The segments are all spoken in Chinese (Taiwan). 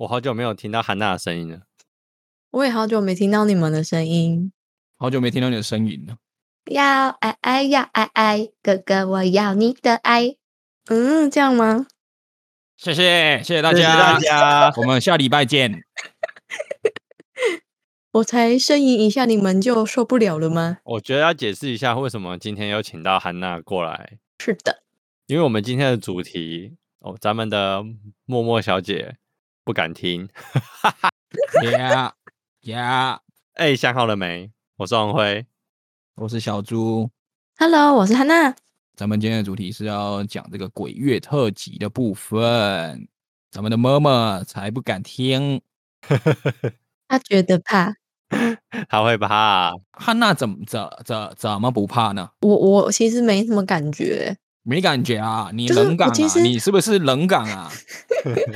我好久沒有聽到韓娜的聲音了。我也好久沒聽到你們的聲音，好久沒聽到你的聲音了。要愛愛要愛愛，哥哥，我要你的愛。嗯，這樣嗎？謝謝，謝謝大家，謝謝大家我們下禮拜見。 我才呻吟一下，你們就受不了了嗎？我覺得要解釋一下，為什麼今天要請到韓娜過來。是的，因為我們今天的主題哦，咱們的默默小姐。不敢聽，哈 哈、yeah, yeah，呀、欸、呀，哎，想好了沒？我是王輝，我是小豬，hello，我是憨娜。咱們今天的主題是要講這個鬼月特輯的部分。咱們的媽媽才不敢聽，她 覺得怕，她 會怕。憨娜怎麼怎怎怎麼不怕呢？我我其實沒什麼感覺，沒感覺啊，你冷感啊？就是，其實你是不是冷感啊？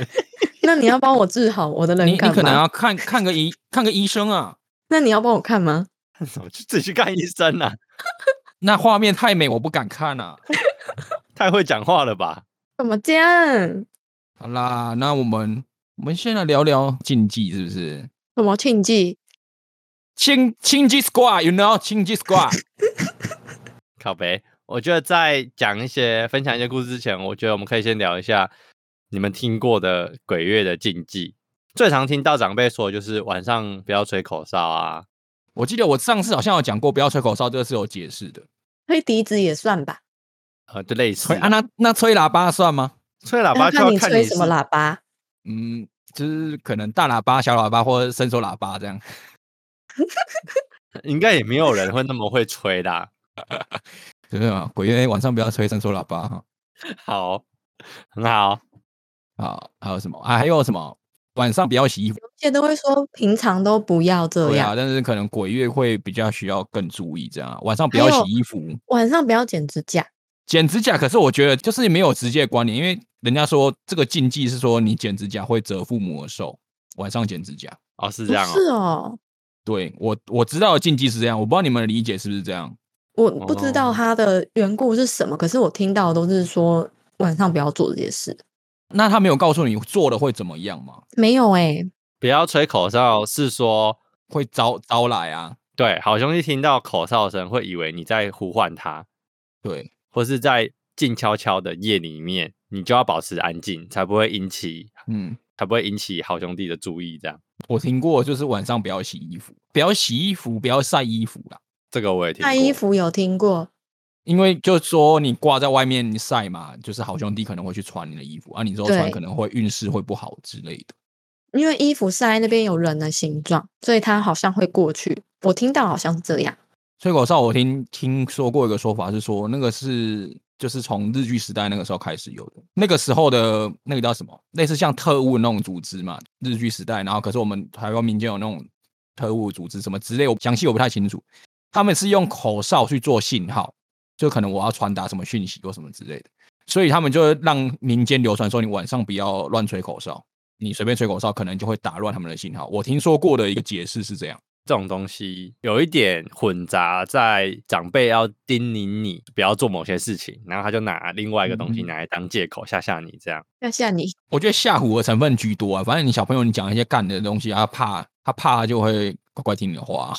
那你要幫我治好我的冷感你？你可能要看看個醫，看個醫生啊。 那你要幫我看嗎？怎麼就自己去看醫生呢？那畫面太美，我不敢看啊！ 太會講話了吧？ 怎麼講？好啦，那我們我們先來聊聊禁忌，是不是？什麼禁忌？s 青基斯瓜，you know，s 青基斯瓜。靠北，我覺得在講一些分享一些故事之前，我覺得我們可以先聊一下。你們聽過的鬼月的禁忌，最常聽到長輩說的就是晚上不要吹口哨啊。我記得我上次好像有講過，不要吹口哨，這個是有解釋的。吹笛子也算吧，啊，就類似、欸。啊，那那吹喇叭算嗎？吹喇叭就要看你，算看你吹什麼喇叭。嗯，就是可能大喇叭、小喇叭或伸縮喇叭這樣。 應該也沒有人會那麼會吹的、啊。 就是啊，鬼月、欸，晚上不要吹伸縮喇叭哈。 好、哦，很好。啊，還有什麼？啊，還有什麼？晚上不要洗衣服，有些都會說平常都不要這樣。對啊，但是可能鬼月會比較需要更注意這樣。晚上不要洗衣服，晚上不要剪指甲，剪指甲。可是我覺得就是沒有直接的觀念，因為人家說這個禁忌是說你剪指甲會折父母的壽。晚上剪指甲哦、啊，是這樣、喔？是哦。對我我知道的禁忌是這樣，我不知道你們的理解是不是這樣。我不知道它的緣故是什麼、哦，可是我聽到都是說晚上不要做這些事。那他沒有告訴你做的會怎麼樣嗎？沒有哎、欸。不要吹口哨，是說會招招來啊。對，好兄弟聽到口哨聲會以為你在呼喚他，對，或是在靜悄悄的夜裡面，你就要保持安靜，才不會引起嗯，才不會引起好兄弟的注意這樣。我聽過，就是晚上不要洗衣服，不要洗衣服，不要曬衣服啦。這個我也聽過。曬衣服有聽過。因為就是說，你掛在外面曬嘛，就是好兄弟可能會去穿你的衣服，而、啊、你之後穿可能會運勢會不好之類的。因為衣服曬在那邊有人的形狀，所以它好像會過去。我聽到好像是這樣。吹口哨，我聽聽說過一個說法是說，那個是就是從日據時代那個時候開始有的。那個時候的那個叫什麼，類似像特務那種組織嘛。日據時代，然後可是我們台灣民間有那種特務組織什麼之類，我詳細我不太清楚。他們是用口哨去做信號。就可能我要傳達什麼訊息或什麼之類的，所以他們就讓民間流傳說你晚上不要亂吹口哨，你隨便吹口哨可能就會打亂他們的信號。我聽說過的一個解釋是這樣：這種東西有一點混雜在長輩要叮嚀你不要做某些事情，然後他就拿另外一個東西拿來當借口、嗯、嚇嚇你，這樣嚇嚇你。我覺得嚇唬的成分居多啊，反正你小朋友你講一些干的東西、啊，他怕他怕，他怕就會乖乖聽你的話，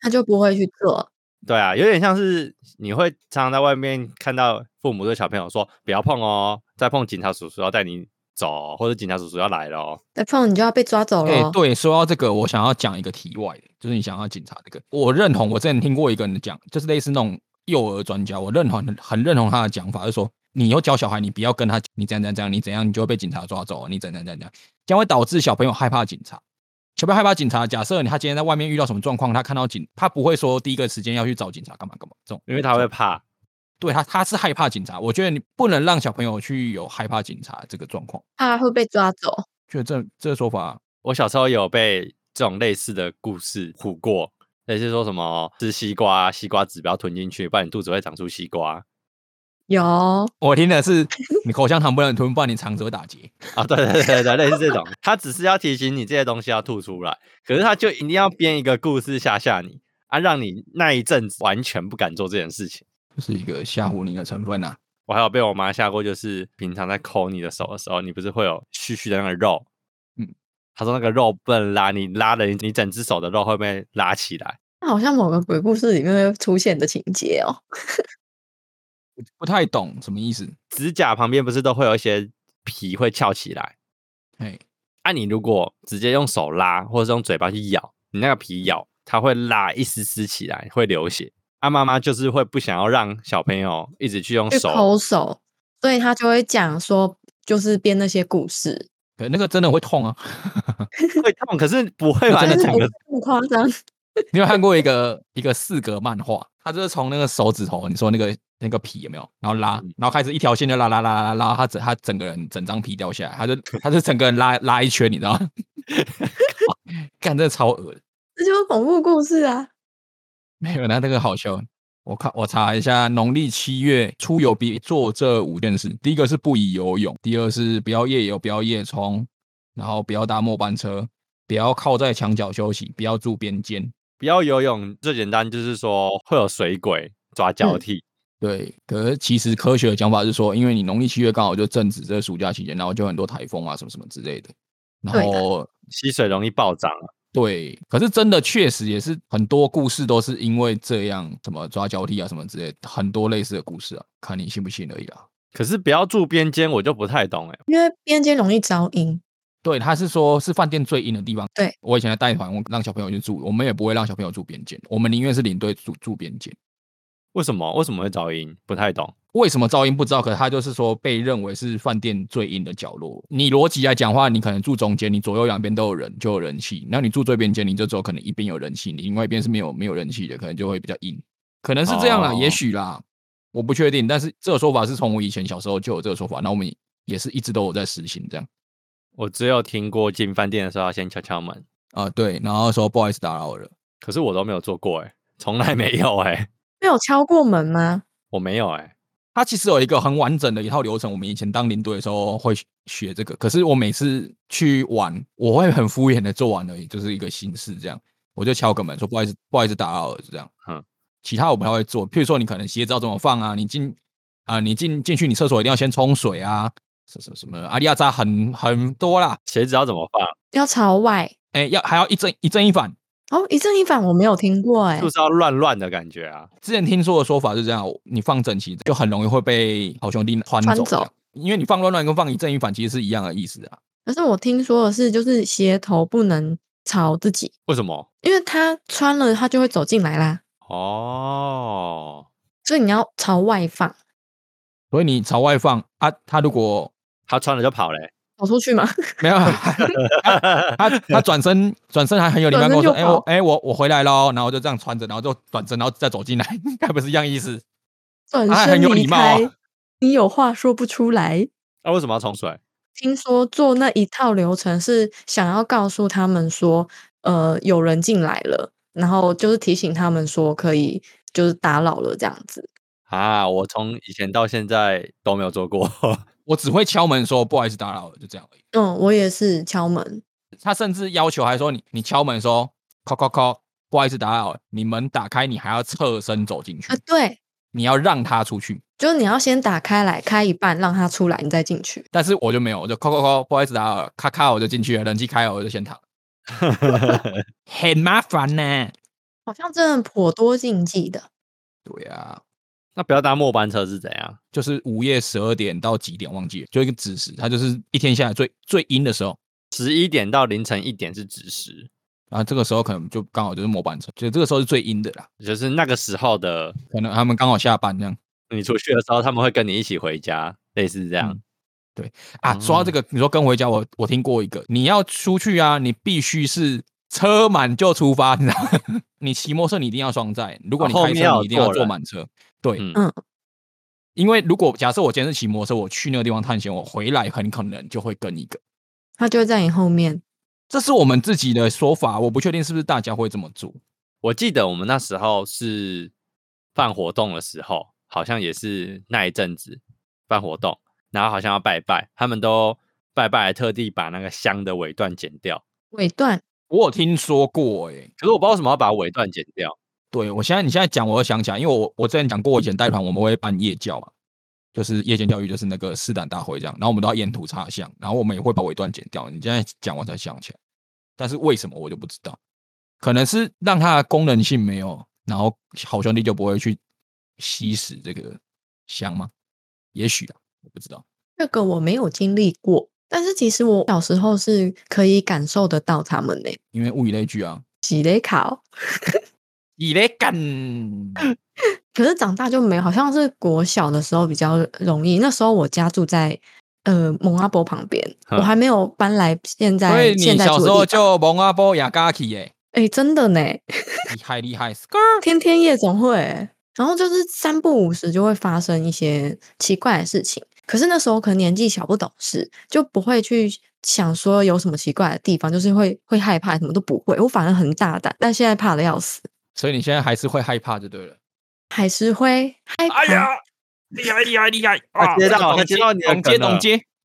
他就不會去做。對啊，有點像是。你會常常在外面看到父母對小朋友說：“不要碰哦，再碰警察叔叔要帶你走，或者警察叔叔要來了哦，再碰你就要被抓走了。”欸，哎，對，說到這個，我想要講一個題外的，就是你想要警察這個，我認同。我之前聽過一個人講，就是類似那種幼兒專家，我認同，很認同他的講法，就是說，你有教小孩，你不要跟他，你怎樣怎樣，怎樣，你怎樣你就會被警察抓走，你怎樣怎樣怎樣，將會導致小朋友害怕警察。小朋友害怕警察。假設他今天在外面遇到什麼狀況，他看到警，他不會說第一個時間要去找警察幹嘛幹嘛這種，因為他會怕。對他，他是害怕警察。我覺得你不能讓小朋友去有害怕警察這個狀況，怕他會被抓走。就這這個說法，我小時候有被這種類似的故事唬過，類似說什麼吃西瓜，西瓜籽不要吞進去，不然你肚子會長出西瓜。有，我聽的是你口香糖不能吞，不然你腸子會打結啊！對、哦、對對對，類似這種， 他只是要提醒你這些東西要吐出來，可是他就一定要編一個故事嚇嚇你啊，讓你那一陣子完全不敢做這件事情，就是一個嚇唬你的成分啊。我還有被我媽嚇過，就是平常在摳你的手的時候，你不是會有絮絮的那個肉，嗯，他說那個肉不能拉你，你拉了你整隻手的肉會不會拉起來？那好像某個鬼故事裡面出現的情節哦。 不太懂什麼意思。指甲旁邊不是都會有一些皮會翹起來？哎、hey.，啊，你如果直接用手拉，或者用嘴巴去咬，你那個皮咬，它會拉一絲絲起來，會流血。啊，媽媽就是會不想要讓小朋友一直去用手摳手，所以他就會講說，就是編那些故事。可那個真的會痛啊， 會痛，可是不會玩的這麼誇張。 你有看過一個 一個四格漫畫，他就是從那個手指頭，你說那個那個皮有沒有？然後拉，然後開始一條線就拉拉拉拉拉，他整他整個人整張皮掉下來，他就他就整個人拉拉一圈，你知道嗎？看 真 超惡， 這就是恐怖故事啊！沒有，那那個好笑。我看，我查一下，農曆七月出遊別做這五件事：第一個是不宜游泳，第二是不要夜遊，不要夜衝，然後不要搭末班車，不要靠在牆角休息，不要住邊間。不要游泳，最簡單就是說會有水鬼抓交替。嗯。對，可是其實科學的講法是說，因為你農曆七月剛好就正值這個、暑假期間，然後就很多台風啊什麼什麼之類的，然後溪水容易暴漲。對，可是真的確實也是很多故事都是因為這樣，怎麼抓交替啊什麼之類的，很多類似的故事啊，看你信不信而已啦。可是不要住邊間，我就不太懂哎、欸，因為邊間容易招陰。對，他是說，是飯店最陰的地方。對，我以前在帶團，我讓小朋友去住，我們也不會讓小朋友住邊間，我們寧願是領隊住住邊間。為什麼？為什麼會噪音？不太懂。為什麼噪音不知道？可是他就是說被認為是飯店最陰的角落。你邏輯來講話，你可能住中間，你左右兩邊都有人，就有人氣。那你住最邊間，你就只有可能一邊有人氣，你另外一邊是沒有沒有人氣的，可能就會比較陰。可能是這樣啦、哦，也許啦，我不確定。但是這個說法是從我以前小時候就有這個說法，那我們也是一直都有在實行這樣。我只有聽過進飯店的時候要先敲敲門啊、呃，對，然後說不好意思打擾了。可是我都沒有做過哎、欸，從來沒有哎、欸，沒有敲過門嗎？我沒有哎、欸。它其實有一個很完整的一套流程，我們以前當領隊的時候會學這個。可是我每次去玩，我會很敷衍的做完而已，就是一個形式這樣。我就敲個門說不好意思，不好意思打擾了這樣。嗯。其他我們還會做，譬如說你可能鞋子要怎麼放啊，你進啊、呃，你進進去你廁所一定要先沖水啊。什什什麼，什麼？阿利亞扎很很多啦，鞋子要怎麼放？要朝外，哎、欸，要還要一正一正一反哦，一正一反我沒有聽過、欸，哎，就是要亂亂的感覺啊。之前聽說的說法是這樣，你放整齊就很容易會被好兄弟穿走，穿走，因為你放亂亂跟放一正一反其實是一樣的意思啊。可是我聽說的是，就是鞋頭不能朝自己，為什麼？因為他穿了，他就會走進來啦。哦，所以你要朝外放，所以你朝外放啊，他如果。他穿了就跑嘞，欸，跑出去嗎？沒有，他 他轉身轉身還很有禮貌，跟我說，欸，我，欸，我，我回來嘍，然後就這樣穿着，然後就轉身，然後再走進來，該 不是一樣意思？轉身離開，啊，很有禮貌哦。你有話說不出來？他，啊，為什麼要衝出來？聽說做那一套流程是想要告訴他們說，呃，有人進來了，然後就是提醒他們說可以就是打擾了這樣子。啊，我從以前到現在都沒有做過。 我只會敲門說不好意思打擾了，就這樣而已。嗯，我也是敲門。他甚至要求還說你你敲門說叩叩叩，不好意思打擾，你門打開你還要側身走進去啊？對，你要讓他出去，就是你要先打開來開一半讓他出來，你再進去。但是我就沒有，我就叩叩叩，不好意思打擾，咔咔我就進去了，冷氣開了我就先躺。 很麻煩呢、啊，好像真的頗多禁忌的。對呀、啊。那不要搭末班車是怎樣？就是午夜十二點到幾點忘記了，就一個子時，它就是一天下來最最陰的時候，十一點到凌晨一點是子時，然、啊、後這個時候可能就剛好就是末班車，就這個時候是最陰的啦，就是那個時候的可能他們剛好下班這樣，你出去的時候他們會跟你一起回家，類似這樣。嗯、對啊、嗯，說到這個，你說跟回家我，我我聽過一個，你要出去啊，你必須是車滿就出發，你知道嗎？你騎 摩托車你一定要雙載，如果你開車你一定要坐滿車。對，嗯，因為如果假設我今天是騎摩托車，我去那個地方探險，我回來很可能就會跟一個，他就在你後面。這是我們自己的說法，我不確定是不是大家會這麼做。我記得我們那時候是辦活動的時候，好像也是那一陣子辦活動，然後好像要拜拜，他們都拜拜，特地把那個香的尾段剪掉。尾段，我有聽說過，欸，可是我不知道為什麼要把尾段剪掉。對我現在你現在講，我要想起來，因為我我之前講過，我以前帶團我們會辦夜教啊，就是夜間教育，就是那個試膽大會這樣，然後我們都要沿途插香，然後我們也會把尾段剪掉。你現在講我才想起來，但是為什麼我就不知道？可能是讓它的功能性沒有，然後好兄弟就不會去吸食這個香嗎？也許啦、啊，我不知道。這個我沒有經歷過，但是其實我小時候是可以感受得到他們呢，因為物以類聚啊，喜雷卡。 以來幹？ 可是長大就沒，好像是國小的時候比較容易。那時候我家住在呃蒙阿波旁邊，我還沒有搬來現在。現在。你小時候就蒙阿波雅嘎奇耶？哎、欸，真的呢，厲害厲害！厲害 天天夜總會，然後就是三不五時就會發生一些奇怪的事情。可是那時候可能年紀小不懂事，就不會去想說有什麼奇怪的地方，就是會會害怕，什麼都不會。我反而很大膽，但現在怕的要死。所以你現在還是會害怕，就對了，還是會害怕。哎呀，厲害厲害厲害！啊，接到、啊、我接到你，接東接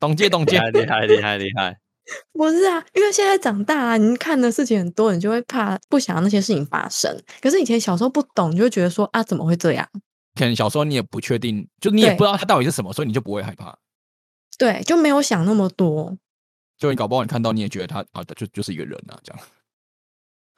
東接東接，厲 害厲害厲害！不是啊，因為現在長大，啊，你看的事情很多，你就會怕，不想要那些事情發生。可是以前小時候不懂，你就會覺得說啊，怎麼會這樣？可能小時候你也不確定，就你也不知道它到底是什麼，所以你就不會害怕。對，就沒有想那麼多。就你搞不好你看到你也覺得他啊，就就是一個人啊，這樣。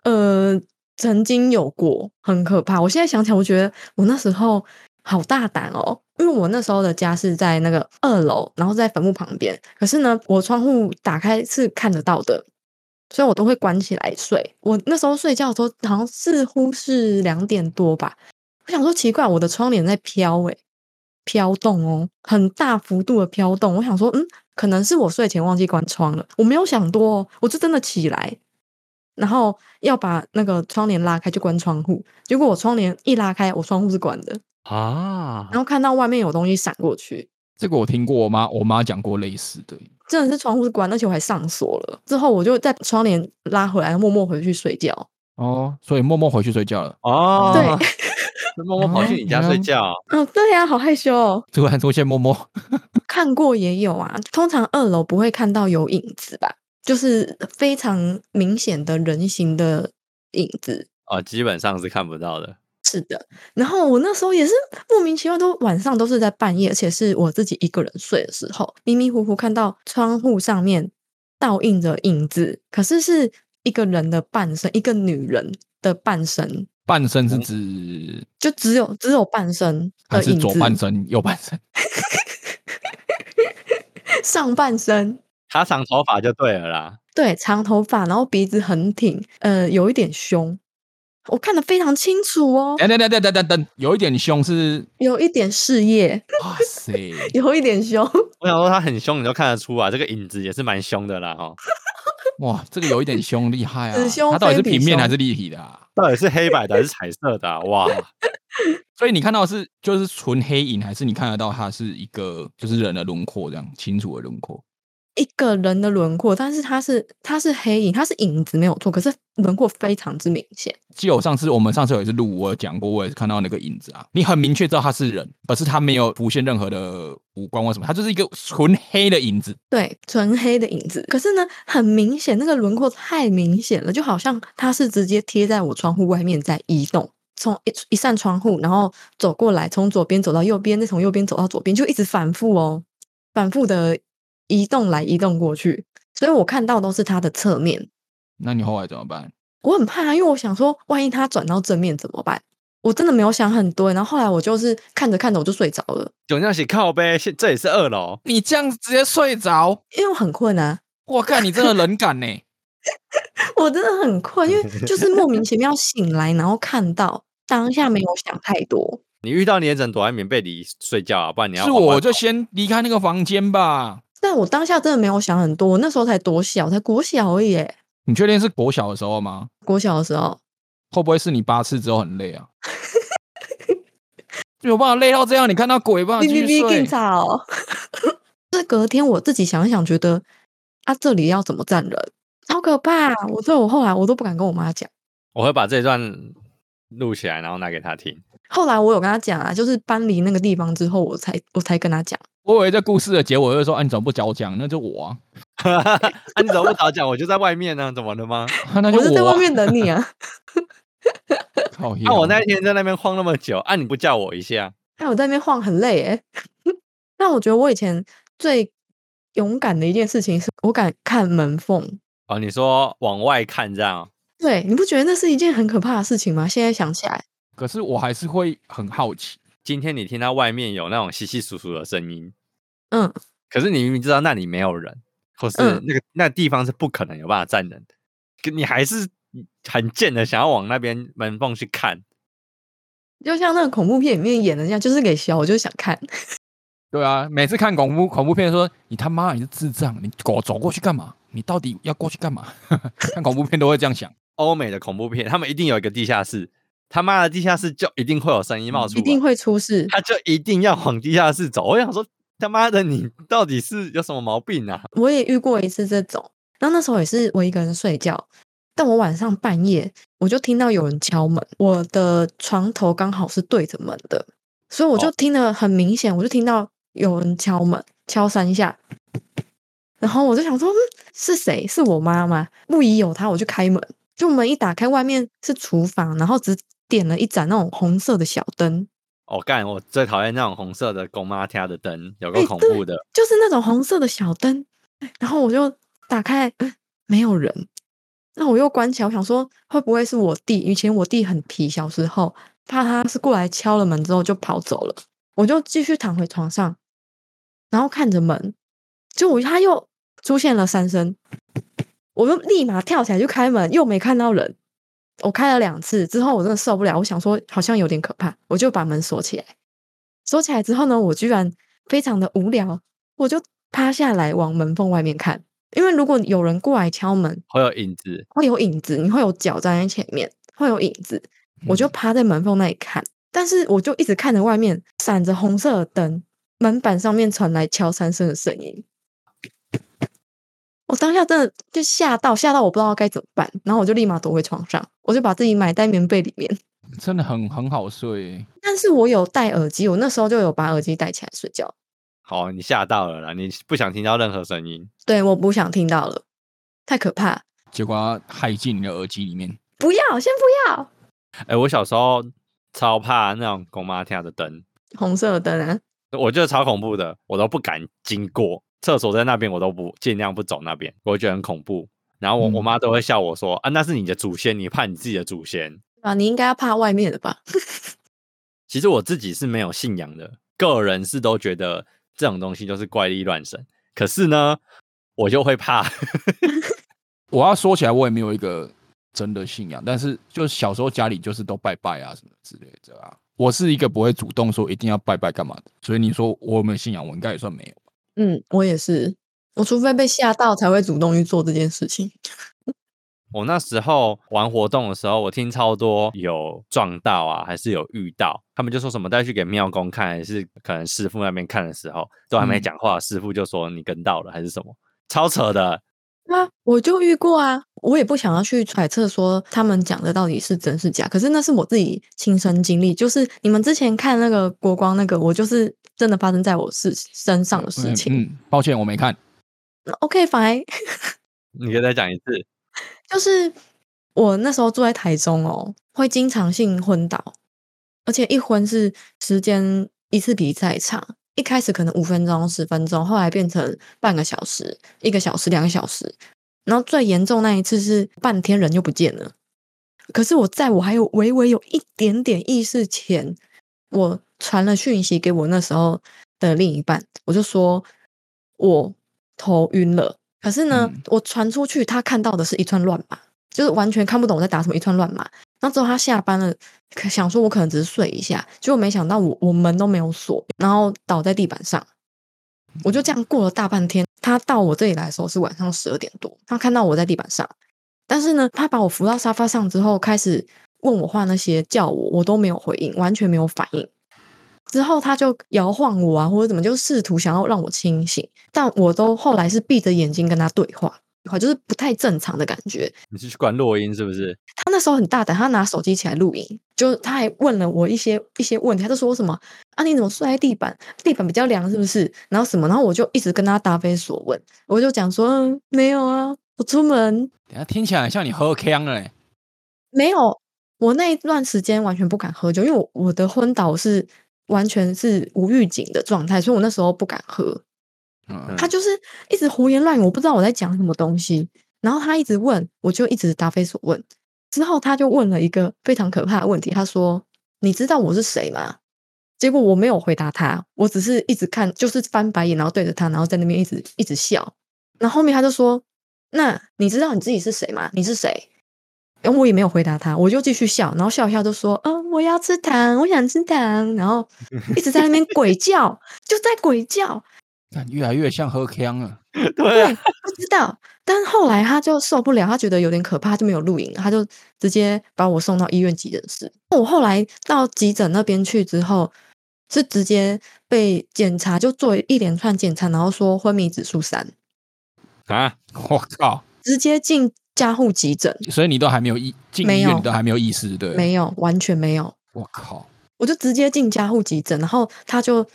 呃。曾經有過，很可怕，我現在想起來，我覺得我那時候好大膽哦，因為我那時候的家是在那個二樓，然後在墳墓旁邊。可是呢，我窗戶打開是看得到的，所以我都會關起來睡。我那時候睡覺的時候，好像似乎是兩點多吧。我想說奇怪，我的窗簾在飄誒、欸，飄動哦，很大幅度的飄動。我想說，嗯，可能是我睡前忘記關窗了。我沒有想多，哦，我就真的起來，然後要把那個窗簾拉開，就關窗戶。結果我窗簾一拉開，我窗戶是關的啊。然後看到外面有東西閃過去，這個我聽過，我媽我媽講過類似的。真的是窗戶是關，而且我還上鎖了。之後我就在窗簾拉回來，默默回去睡覺。哦，所以默默回去睡覺了。哦，對， 默默跑去你家睡覺。嗯嗯、哦，對呀、啊，好害羞、哦。突然出現默默。 看過也有啊，通常二樓不會看到有影子吧？就是非常明顯的人形的影子啊、哦，基本上是看不到的。是的，然後我那時候也是莫名其妙，都晚上，都是在半夜，而且是我自己一個人睡的時候，迷迷糊糊看到窗戶上面倒映着影子，可是是一個人的半身，一個女人的半身，半身是指、嗯、就只有只有半身，還是左半身、右半身？ 上半身？他長頭髮就對了啦，對，長頭髮，然後鼻子很挺，呃，有一點凶，我看得非常清楚哦。等等等等等等，有一點凶是？有一點事業。哇塞，有一點凶。我想說他很凶，你就看得出啊，這個影子也是蠻凶的啦哈。哦、 哇，這個有一點凶，厲害啊！凶， 他到底是平面還是立體的？啊？到底是黑白的還是彩色的？啊？哇， 所以你看到是就是純黑影，還是你看得到他是一個就是人的輪廓這樣清楚的輪廓？一個人的輪廓，但是他是他是黑影，他是影子，沒有錯。可是輪廓非常之明顯。就上次我們上次有一次錄，我有講過，我也是看到那個影子啊，你很明確知道他是人，可是他沒有浮現任何的五官或什麼，他就是一個純黑的影子。對，純黑的影子。可是呢，很明顯那個輪廓太明顯了，就好像他是直接貼在我窗戶外面在移動，從一一扇窗戶然後走過來，從左邊走到右邊，再從右邊走到左邊，就一直反復哦，反復的。移動來移動過去，所以我看到都是他的側面。那你後來怎麼辦？我很怕、啊，因為我想說，萬一他轉到正面怎麼辦？我真的沒有想很多。然後後來我就是看着看着我就睡着了。就這樣子靠唄，這也是二樓。你這樣子直接睡着？因為我很困啊。我看你真的人敢呢？ 我真的很困，因為就是莫名其妙醒來，然後看到當下沒有想太多。 你遇到你也人躲在棉被裡睡覺啊，不然你要……是我就先離開那個房間吧。但我當下真的沒有想很多，我那時候才多小，才國小而已。誒，你確定是國小的時候嗎？國小的時候會不會是你八次之後很累啊？有辦法累到這樣，你看到鬼吧你 B B 更慘。隔天我自己想一想，覺得啊，這裡要怎麼站人？好可怕！我說我後來我都不敢跟我媽講。我會把這段錄起來，然後拿給她聽。後來我有跟她講啊，就是搬離那個地方之後我，我才我才跟她講。我以為這故事的結尾就是說、啊，你怎麼不找我講？那就我啊， 啊，你怎麼不找我講？我就在外面呢、啊，怎麼了嗎？ 就我就、啊、在外面等你啊。討 厭、啊！那我那天在那邊晃那麼久，啊你不叫我一下？那、啊、我在那邊晃很累哎。那我覺得我以前最勇敢的一件事情，是我敢看門縫。啊，你說往外看這樣？對，你不覺得那是一件很可怕的事情嗎？現在想起來。可是我還是會很好奇。今天你聽到外面有那種窸窸窣窣的聲音，嗯，可是你明明知道那裡沒有人，或是那個、嗯、那個地方是不可能有辦法站人的，你還是很賤的，想要往那邊門縫去看。就像那個恐怖片裡面演的一樣，就是給小，我就想看。對啊，每次看恐怖恐怖片說，說你他媽你是智障，你狗走過去幹嘛？你到底要過去幹嘛？ 看恐怖片都會這樣想。歐 美的恐怖片，他們一定有一個地下室。他媽的地下室就一定會有聲音冒出來，一定會出事，他就一定要往地下室走。我想說，他媽的，你到底是有什麼毛病啊？我也遇過一次這種，然後那時候也是我一個人睡覺，但我晚上半夜我就聽到有人敲門，我的床頭剛好是對着門的，所以我就聽得很明顯，oh. 我就聽到有人敲門，敲三下，然後我就想說是誰？是我媽媽？不疑有他，我就開門，就門一打開，外面是廚房，然後直。點了一盞那種紅色的小燈。我、哦、幹，我最討厭那種紅色的“公媽桌”的燈，有夠恐怖的、欸，就是那種紅色的小燈。 然後我就打開，嗯、沒有人。那我又關起來，我想說，會不會是我弟？以前我弟很皮，小時候怕他是過來敲了門之後就跑走了。我就繼續躺回床上，然後看着門，就我他又出現了三聲，我就立馬跳起來就開門，又沒看到人。我開了兩次之後，我真的受不了。我想說，好像有點可怕，我就把門鎖起來。鎖起來之後呢，我居然非常的無聊，我就趴下來往門縫外面看。因為如果有人過來敲門，會有影子，會有影子，你會有腳站在前面，會有影子。我就趴在門縫那裡看，嗯，但是我就一直看着外面，閃着紅色的燈，門板上面傳來敲三聲的聲音。我當下真的就嚇到，嚇到我不知道該怎麼辦，然後我就立馬躲回床上，我就把自己埋在棉被裡面，真的很很好睡。但是我有戴耳機，我那時候就有把耳機戴起來睡覺。好、哦，你嚇到了啦，你不想聽到任何聲音。對，我不想聽到了，太可怕。結果害進你的耳機裡面。不要，先不要。哎、欸，我小時候超怕那種公媽跳的燈，紅色的燈啊。我覺得超恐怖的，我都不敢經過廁所在那邊，我都不盡量不走那邊，我覺得很恐怖。然後我、嗯、我媽都會笑我說：“啊，那是你的祖先，你怕你自己的祖先啊？你應該要怕外面的吧？” 其實我自己是沒有信仰的，個人是都覺得這種東西就是怪力亂神。可是呢，我就會怕。 我要說起來，我也沒有一個真的信仰，但是就是小時候家裡就是都拜拜啊什麼之類的啊。我是一個不會主動說一定要拜拜幹嘛的，所以你說我有沒有信仰，我應該也算沒有。嗯，我也是，我除非被嚇到才會主動去做這件事情。 我那時候玩活動的時候，我聽超多有撞到啊，還是有遇到，他們就說什麼帶去給廟公看，還是可能師父那邊看的時候，都還沒講話，嗯、師父就說你跟到了還是什麼，超扯的。那、啊、我就遇過啊，我也不想要去揣測說他們講的到底是真是假，可是那是我自己親身經歷，就是你們之前看那個國光那個，我就是真的發生在我是身上的事情。嗯，嗯抱歉我沒看。OK，fine 你可以再講一次，就是我那時候住在台中哦，會經常性昏倒，而且一昏是時間一次比一次還長。一開始可能五分鐘、十分鐘，後來變成半個小時、一個小時、兩個小時，然後最嚴重那一次是半天人就不見了。可是我在我還有微微有一點點意識前，我傳了訊息給我那時候的另一半，我就說我頭暈了。可是呢，嗯，我傳出去，他看到的是一串亂碼，就是完全看不懂我在打什麼一串亂碼。那之後他下班了。想說，我可能只是睡一下，結果沒想到我我門都沒有鎖，然後倒在地板上，我就這樣過了大半天。他到我這裡來的時候是晚上十二點多，他看到我在地板上，但是呢，他把我扶到沙發上之後，開始問我話那些，叫我，我都沒有回應，完全沒有反應。之後他就搖晃我啊，或者怎麼，就試圖想要讓我清醒，但我都後來是閉着眼睛跟他對話。好，就是不太正常的感覺。你是去管錄音是不是？他那時候很大膽，他拿手機起來錄音，就他還問了我一些一些問題，他就說：“什麼啊？你怎麼睡在地板？地板比較涼是不是？”然後什麼？然後我就一直跟他答非所問，我就講說、嗯：“沒有啊，我出門。等”等下聽起來像你喝 Kang 了、欸。沒有，我那一段時間完全不敢喝酒，因為我我的昏倒是完全是無預警的狀態，所以我那時候不敢喝。他就是一直胡言亂語，我不知道我在講什麼東西。然後他一直問，我就一直答非所問。之後他就問了一個非常可怕的問題，他說：“你知道我是誰嗎？”結果我沒有回答他，我只是一直看，就是翻白眼，然後對着他，然後在那邊一直一直笑。然後後面他就說：“那你知道你自己是誰嗎？你是誰？”然後我也沒有回答他，我就繼續笑，然後笑一笑就說：“嗯，我要吃糖，我想吃糖。”然後一直在那邊鬼叫， 就在鬼叫。越來越像喝 k n 了，啊、對，不知道。但後來他就受不了，他覺得有點可怕，他就沒有錄影，他就直接把我送到醫院急診室。我後來到急診那邊去之後，是直接被檢查，就做一連串檢查，然後說昏迷指數三。啊！我靠！直接進加護急診，所以你都還沒有意，進醫院都還沒有意識？對，沒有，完全沒有。我靠！我就直接進加護急診，然後他就。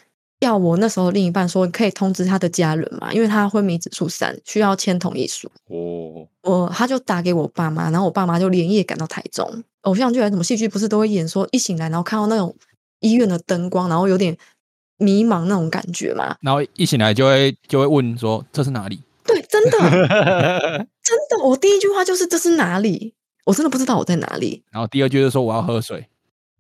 要我那時候，另一半說你可以通知他的家人嘛，因為他昏迷指數三，需要簽同意書。哦、oh.，我他就打給我爸媽，然後我爸媽就連夜趕到台中。偶、哦、像劇還什麼戲劇不是都會演說，一醒來然後看到那種醫院的燈光，然後有點迷茫那種感覺嘛。然後一醒來就會就會問說這是哪裡？對，真的 真的，我第一句話就是這是哪裡？我真的不知道我在哪裡。然後第二句就是說我要喝水。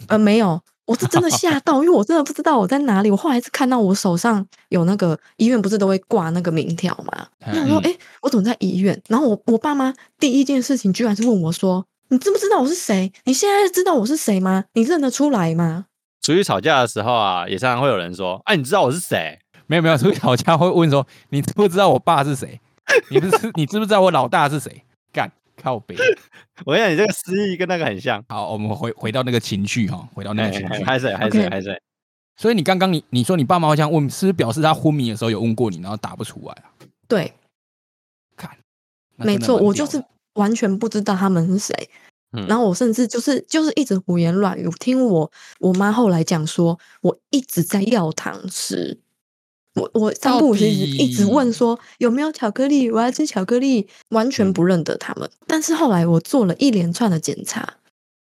呃，沒有。我是真的嚇到， 因為我真的不知道我在哪裡。我後來是看到我手上有那個醫院，不是都會掛那個名條嘛？我、嗯、說，哎、欸，我怎麼在醫院？然後我我爸媽第一件事情居然是問我說：“你知不知道我是誰？你現在知道我是誰嗎？你認得出來嗎？”出去吵架的時候啊，也常常會有人說：“哎、啊，你知道我是誰？”沒有沒有，出去吵架會問說：“你知不知道我爸是誰？你知不知 你知不知道我老大是誰？”靠北， 我跟你講,你這個失憶跟那個很像。好，我們回回到那個情緒哈，回到那個情緒。還是還是還是。Okay. 所以你剛剛你你說你爸媽好像問，是,不是表示他昏迷的時候有問過你，然後答不出來、啊、對，看，沒錯，我就是完全不知道他們是誰、嗯，然後我甚至就是就是一直胡言亂語。我聽我我媽後來講說，我一直在要糖吃我我三不五時一,一直問說有沒有巧克力？我要吃巧克力，完全不認得他們。嗯、但是後來我做了一連串的檢查，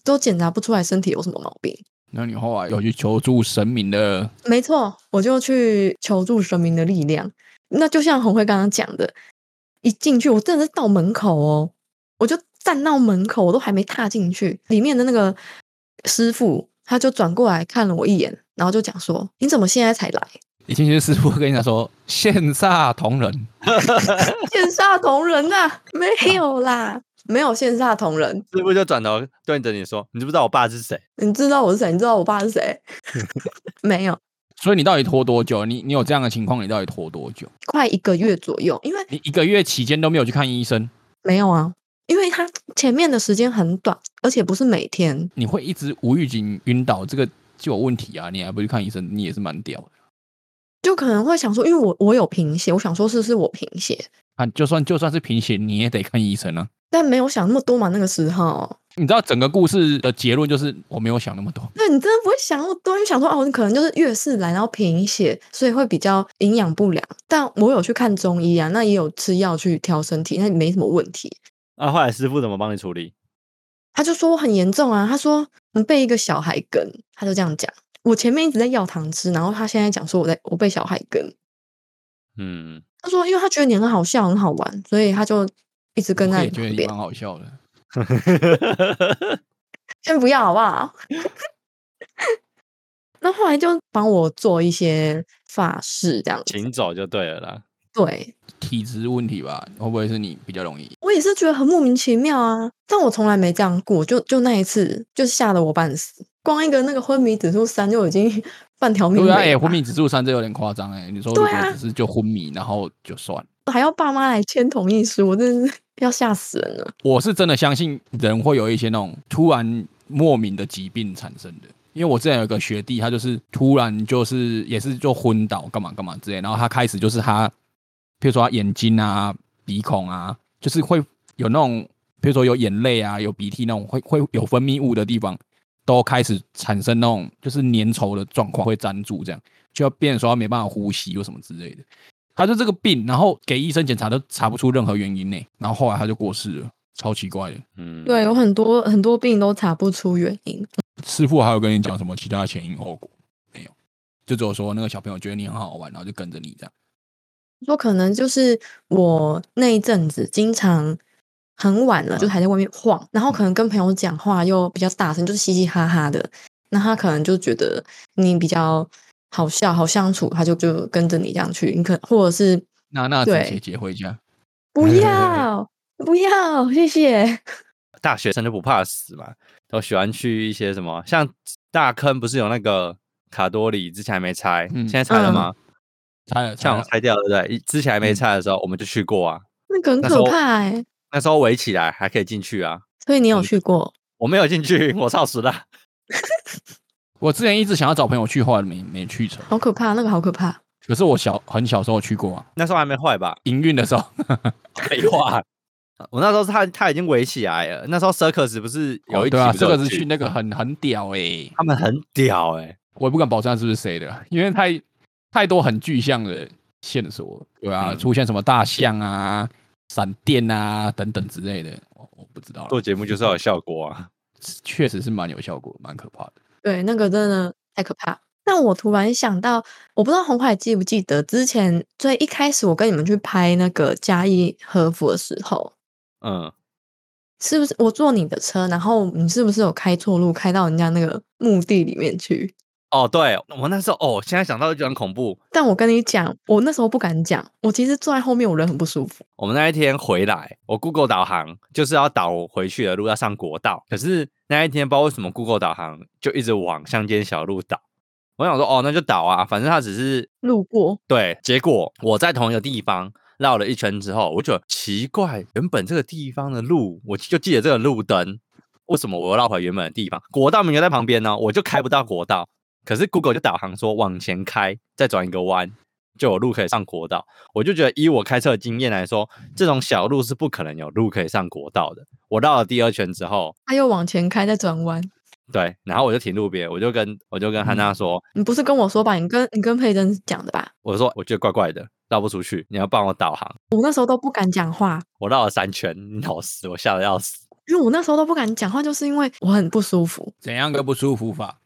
都檢查不出來身體有什麼毛病。那你後來有去求助神明的？沒錯，我就去求助神明的力量。那就像紅慧剛剛講的，一進去我真的是到門口哦，我就站到門口，我都還沒踏進去，裡面的那個師傅他就轉過來看了我一眼，然後就講說：“你怎麼現在才來？”以前就是師傅跟你講說，羨煞同人，羨 煞同人吶、啊，沒有啦，啊、沒有羨煞同人。師傅就轉頭對着你說：“你知不知道我爸是誰？你知道我是誰？你知道我爸是誰？ 沒有。”所以你到底拖多久？你你，有這樣的情況，你到底拖多久？快一個月左右。因為你一個月期間都沒有去看醫生。沒有啊，因為他前面的時間很短，而且不是每天。你會一直無預警暈倒，這個就有問題啊！你還不去看醫生，你也是蠻屌的。就可能會想說，因為我我有貧血，我想說是是我貧血啊？就算就算是貧血，你也得看醫生啊。但沒有想那麼多嘛，那個時候你知道整個故事的結論就是我沒有想那麼多。那你真的不會想那麼多，你想說哦，你可能就是月事來，然後貧血，所以會比較營養不良。但我有去看中醫啊，那也有吃藥去調身體，那你沒什麼問題。啊，後來師傅怎麼幫你處理？他就說我很嚴重啊，他說你被一個小孩跟，他就這樣講。我前面一直在要糖吃，然後他現在講說我在我被小孩跟，嗯，他說因為他覺得你很好笑很好玩，所以他就一直跟在你身邊，我覺得你蠻好笑的。 先不要好不好？那 後，後來就幫我做一些髮飾法事這樣子，請走就對了啦。對，體質問題吧？會不會是你比較容易？我也是覺得很莫名其妙啊，但我從來沒這樣過，就就那一次就嚇得我半死。光一個那個昏迷指數三就已經半條命。對啊、欸，昏迷指數三這有點誇張、欸、你說如果只是就昏迷、啊，然後就算，還要爸媽來簽同意書，我真是要嚇死人了。我是真的相信人會有一些那種突然莫名的疾病產生的，因為我之前有一個學弟，他就是突然就是也是就昏倒，幹嘛幹嘛之類的。然後他開始就是他，譬如說他眼睛啊、鼻孔啊，就是會有那種，譬如說有眼淚啊、有鼻涕那種，會會有分泌物的地方，都開始產生那種就是粘稠的狀況，會粘住，這樣就變成要變，說沒辦法呼吸或什麼之類的。他就這個病，然後給醫生檢查都查不出任何原因呢、欸。然後後來他就過世了，超奇怪的。嗯，對，有很多很多病都查不出原因。師父還有跟你講什麼其他前因後果沒有？就只有說那個小朋友覺得你很好玩，然後就跟着你這樣。說可能就是我那一陣子經常，很晚了，就還在外面晃，然後可能跟朋友講話又比較大聲，就是嘻嘻哈哈的。那他可能就覺得你比較好笑、好相處，他就就跟着你這樣去。你可或者是娜娜對姐姐回家，不要， 不要，不要，謝謝。大學生就不怕死嘛，都喜歡去一些什麼，像大坑，不是有那個卡多里，之前還沒拆、嗯，現在拆了嗎？拆、嗯，像我拆掉對不對？之前還沒拆的時候、嗯，我們就去過啊。那個很可怕哎、欸。那時候圍起來還可以進去啊，所以你有去過？我沒有進去，我超時了。 我之前一直想要找朋友去，後來沒沒去成。好可怕，那個好可怕。可是我小很小時候去過啊，那時候還沒壞吧？營運的時候，廢話，我那時候是他他已經圍起來了。那時候 circus 不是有一、哦、對啊 c i r c u s 去那個很、嗯、很屌哎、欸，他們很屌哎、欸，我也不敢保證是不是誰的，因為太太多很具象的線索，對啊、嗯，出現什麼大象啊？閃電啊，等等之類的，我，我不知道。做節目就是要有效果啊，確實是蠻有效果，蠻可怕的。對，那個真的太可怕。那我突然想到，我不知道紅海記不記得之前最一開始我跟你們去拍那個嘉義和服的時候，嗯，是不是我坐你的車，然後你是不是有開錯路，開到人家那個墓地裡面去？哦，對，我那時候哦，現在想到就很恐怖。但我跟你講，我那時候不敢講。我其實坐在後面，我人很不舒服。我們那一天回來，我 Google 導航就是要導回去的路，要上國道。可是那一天不知道為什麼 Google 導航就一直往鄉間小路導。我想說，哦，那就導啊，反正它只是路過。對，結果我在同一個地方繞了一圈之後，我覺得奇怪。原本這個地方的路，我就記得這個路燈，為什麼我要繞回原本的地方？國道明明在旁邊呢，我就開不到國道。可是 Google 就導航說往前開，再轉一個彎就有路可以上國道。我就覺得以我開車的經驗來說，這種小路是不可能有路可以上國道的。我繞了第二圈之後，他又往前開，再轉彎。對，然後我就停路邊，我就跟我就跟憨娜、嗯、說：“你不是跟我說吧？你跟你跟佩珍講的吧？”我說：“我覺得怪怪的，繞不出去。你要幫我導航。”我那時候都不敢講話。我繞了三圈，老死，我嚇得要死。因為我那時候都不敢講話，就是因為我很不舒服。怎樣個不舒服法？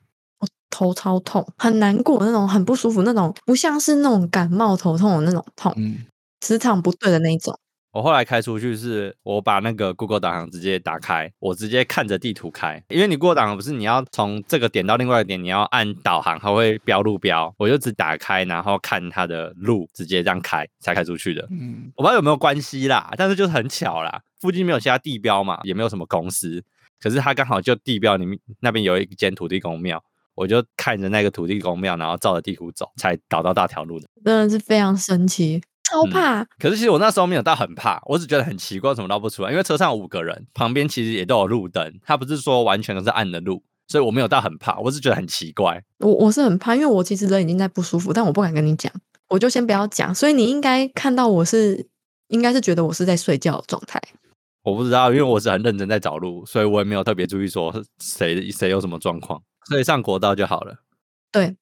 頭超痛，很難過那種，很不舒服那種，不像是那種感冒頭痛的那種痛，嗯，磁場不對的那一種。我後來開出去是，是我把那個 Google 導航直接打開，我直接看着地圖開，因為你過檔不是你要從這個點到另外的點，你要按導航它會標路標，我就只打開然後看它的路，直接這樣開才開出去的。嗯，我不知道有沒有關係啦，但是就是很巧啦，附近沒有其他地標嘛，也沒有什麼公司，可是它剛好就地標裡面那邊有一間土地公廟。我就看着那個土地公廟，然後照着地圖走，才找到那條路的。真的是非常神奇，超怕、嗯。可是其實我那時候沒有到很怕，我只覺得很奇怪，怎麼撈不出來？因為車上有五個人，旁邊其實也都有路燈，它不是說完全都是暗的路，所以我沒有到很怕，我只覺得很奇怪。我我是很怕，因為我其實人已經在不舒服，但我不敢跟你講，我就先不要講。所以你應該看到我是應該是覺得我是在睡覺的狀態。我不知道，因為我是很認真在找路，所以我也沒有特別注意說誰誰有什麼狀況，所以上國道就好了。對，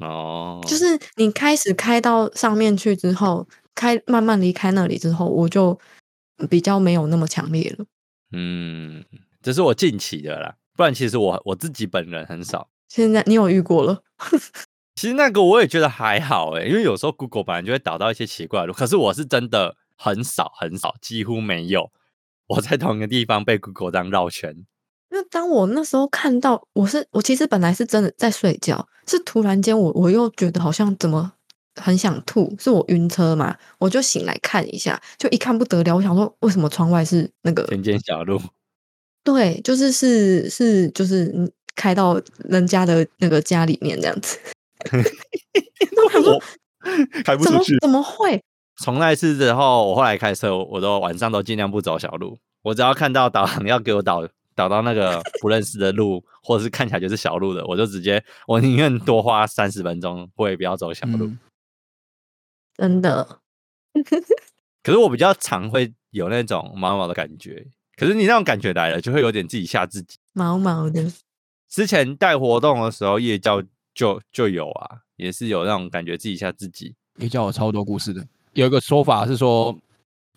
哦、oh.，就是你開始開到上面去之後，開慢慢離開那裡之後，我就比較沒有那麼強烈了。嗯，這是我近期的啦，不然其實我我自己本人很少。現在你有遇過了？ 其實那個我也覺得還好哎、欸，因為有時候 Google 本來就會導到一些奇怪的路，可是我是真的很少很少，幾乎沒有。我在同一個地方被 Google 當繞圈。那當我那時候看到，我是我其實本來是真的在睡覺，是突然間我我又覺得好像怎麼很想吐，是我暈車嘛？我就醒來看一下，就一看不得了，我想說為什麼窗外是那個田間小路？對，就是是是，就是開到人家的那個家裡面這樣子。那 我想說還不出去怎麼怎麼會？從那次之後，我後來開車，我都晚上都盡量不走小路。我只要看到導航要給我導導到那個不認識的路， 或者是看起來就是小路的，我就直接，我寧願多花三十分鐘，我也不要走小路。嗯、真的， 可是我比較常會有那種毛毛的感覺。可是你那種感覺來了，就會有點自己嚇自己，毛毛的。之前帶活動的時候，夜教就就有啊，也是有那種感覺自己嚇自己。夜教我超多故事的。有一個說法是說，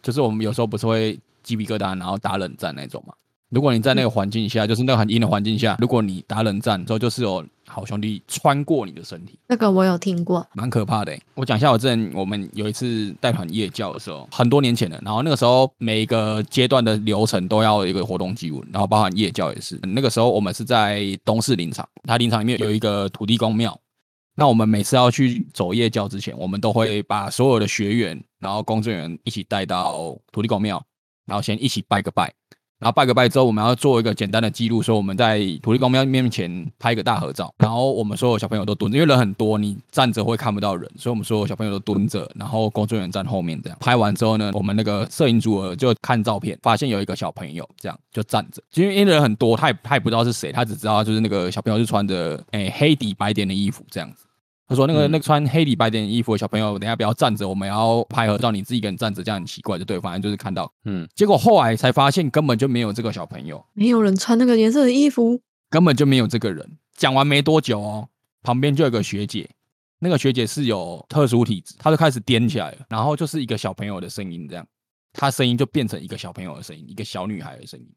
就是我們有時候不是會雞皮疙瘩，然後打冷戰那種嘛？如果你在那個環境下，嗯、就是那個很陰的環境下，如果你打冷戰之後，就是有好兄弟穿過你的身體，那個我有聽過，蠻可怕的、欸。我講一下，我之前我們有一次帶團夜教的時候，很多年前了。然後那個時候每一個階段的流程都要一個活動記錄，然後包含夜教也是。那個時候我們是在東勢林場，它林場裡面有一個土地公廟。那我們每次要去走夜教之前，我們都會把所有的學員，然後工作人員一起帶到土地公廟，然後先一起拜個拜。然後拜個拜之後，我們要做一個簡單的記錄，說我們在土地公廟面前拍一個大合照。然後我們所有小朋友都蹲，因為人很多，你站着會看不到人，所以我們所有小朋友都蹲着。然後工作人員站後面，這樣拍完之後呢，我們那個攝影組就看照片，發現有一個小朋友這樣就站着，因為因為人很多，他也他也不知道是誰，他只知道就是那個小朋友是穿着誒黑底白點的衣服這樣子。他說：“那個、嗯、那個穿黑底白點衣服的小朋友，等一下不要站着，我們要拍合照，你自己一個人站着這樣很奇怪的對方，就對，反正就是看到，嗯。結果後來才發現根本就沒有這個小朋友，沒有人穿那個顏色的衣服，根本就沒有這個人。”講完沒多久哦，旁邊就有個學姐，那個學姐是有特殊體質，她就開始顛起來了，然後就是一個小朋友的聲音，這樣，她聲音就變成一個小朋友的聲音，一個小女孩的聲音。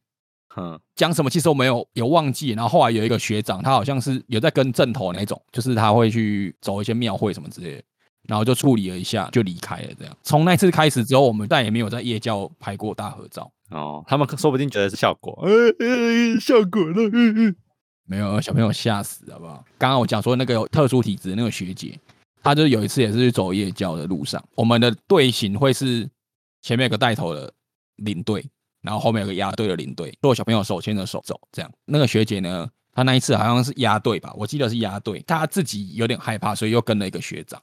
嗯，講什麼其實我沒有有忘記，然後後來有一個學長，他好像是有在跟陣頭那種，就是他會去走一些廟會什麼之類的，然後就處理了一下就離開了這樣。從那次開始之後，我們再也沒有在夜教拍過大合照。哦，他們說不定覺得是效果，呃、哎，效果呢？沒有小朋友嚇死了，好不好？剛剛我講說那個有特殊體質的那個學姐，她就有一次也是去走夜教的路上，我們的隊形會是前面有個帶頭的領隊。然後後面有個押隊的領隊，所有小朋友手牽着手走，這樣。那個學姐呢，她那一次好像是押隊吧，我記得是押隊，她自己有點害怕，所以又跟了一個學長，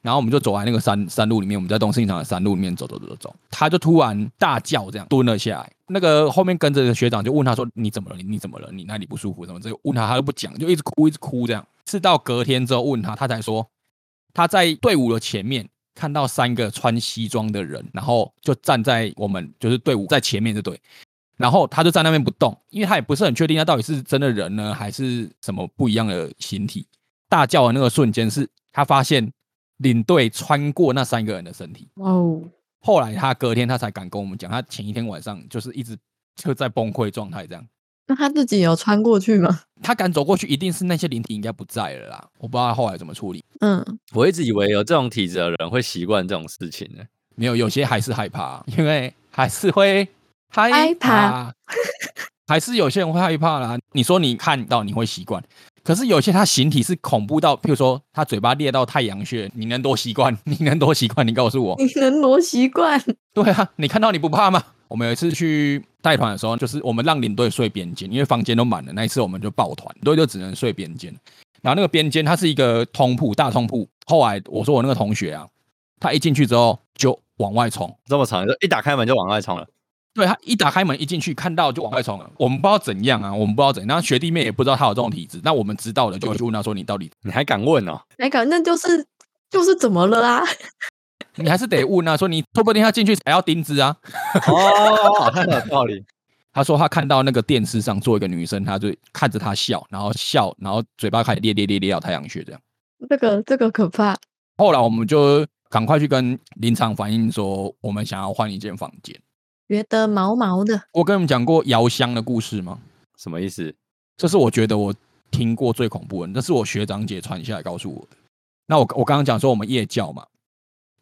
然後我們就走在那個山山路裡面，我們在東勝場的山路裡面走走走走走，她就突然大叫，這樣蹲了下來，那個後面跟着的學長就問她說：“你怎麼了？你，你怎麼了？你那裡不舒服？怎麼？”這就問她，她都不講，就一直哭，一直哭，這樣是到隔天之後問她，她才說她在隊伍的前面，看到三個穿西裝的人，然後就站在我們就是隊伍在前面這隊，然後他就站在那邊不動，因為他也不是很確定他到底是真的人呢，還是什麼不一樣的形體。大叫的那個瞬間是他發現領隊穿過那三個人的身體。哇哦！後來他隔天他才敢跟我們講，他前一天晚上就是一直就在崩潰狀態這樣。那他自己有穿過去嗎？他敢走過去，一定是那些靈體應該不在了啦。我不知道他後來怎麼處理。嗯，我一直以為有這種體質的人會習慣這種事情呢？沒有，有些還是害怕，因為還是會害怕，還是有些人會害怕啦。你說你看到你會習慣，可是有些他形體是恐怖到，譬如說他嘴巴裂到太陽穴，你能多習慣？你能多習慣？你告訴我，你能多習慣？對啊，你看到你不怕嗎？我們有一次去。帶團的時候，就是我們讓領隊睡邊間，因為房間都滿了。那一次我們就抱團，領隊就只能睡邊間。然後那個邊間它是一個通鋪，大通鋪。後來我說我那個同學啊，他一進去之後就往外衝，這麼長就一打開門就往外衝了。對，他一打開門一進去看到就往外衝了，嗯。我們不知道怎樣啊，我們不知道怎樣。然後學弟妹也不知道他有這種體質，那我們知道了就去問他說：“你到底，你還敢問呢？還敢？那就是就是怎麼了啊？” 你還是得問啊，說你說不定他進去還要釘子啊。哦，太有道理。他說他看到那個電視上做一個女生，他就看着她笑，然後笑，然後嘴巴開咧裂裂裂裂到太陽穴這樣。這個這個可怕。後來我們就趕快去跟林場反映說，我們想要換一間房間。覺得毛毛的。我跟你們講過搖香的故事嗎？什麼意思？這是我覺得我聽過最恐怖的，那是我學長姐傳下來告訴我的。那我我剛剛講說我們夜教嘛。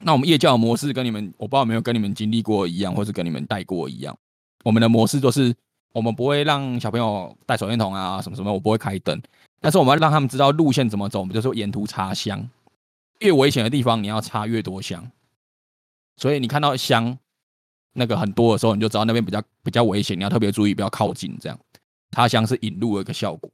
那我們夜教的模式跟你們，我不知道有沒有跟你們經歷過一樣，或是跟你們帶過一樣。我們的模式就是，我們不會讓小朋友帶手電筒啊，什麼什麼，我不會開燈。但是我們要讓他們知道路線怎麼走，我們就說、是、沿途插香，越危險的地方你要插越多香。所以你看到香那個很多的時候，你就知道那邊比較比較危險，你要特別注意，不要靠近。這樣插香是引路的一個效果。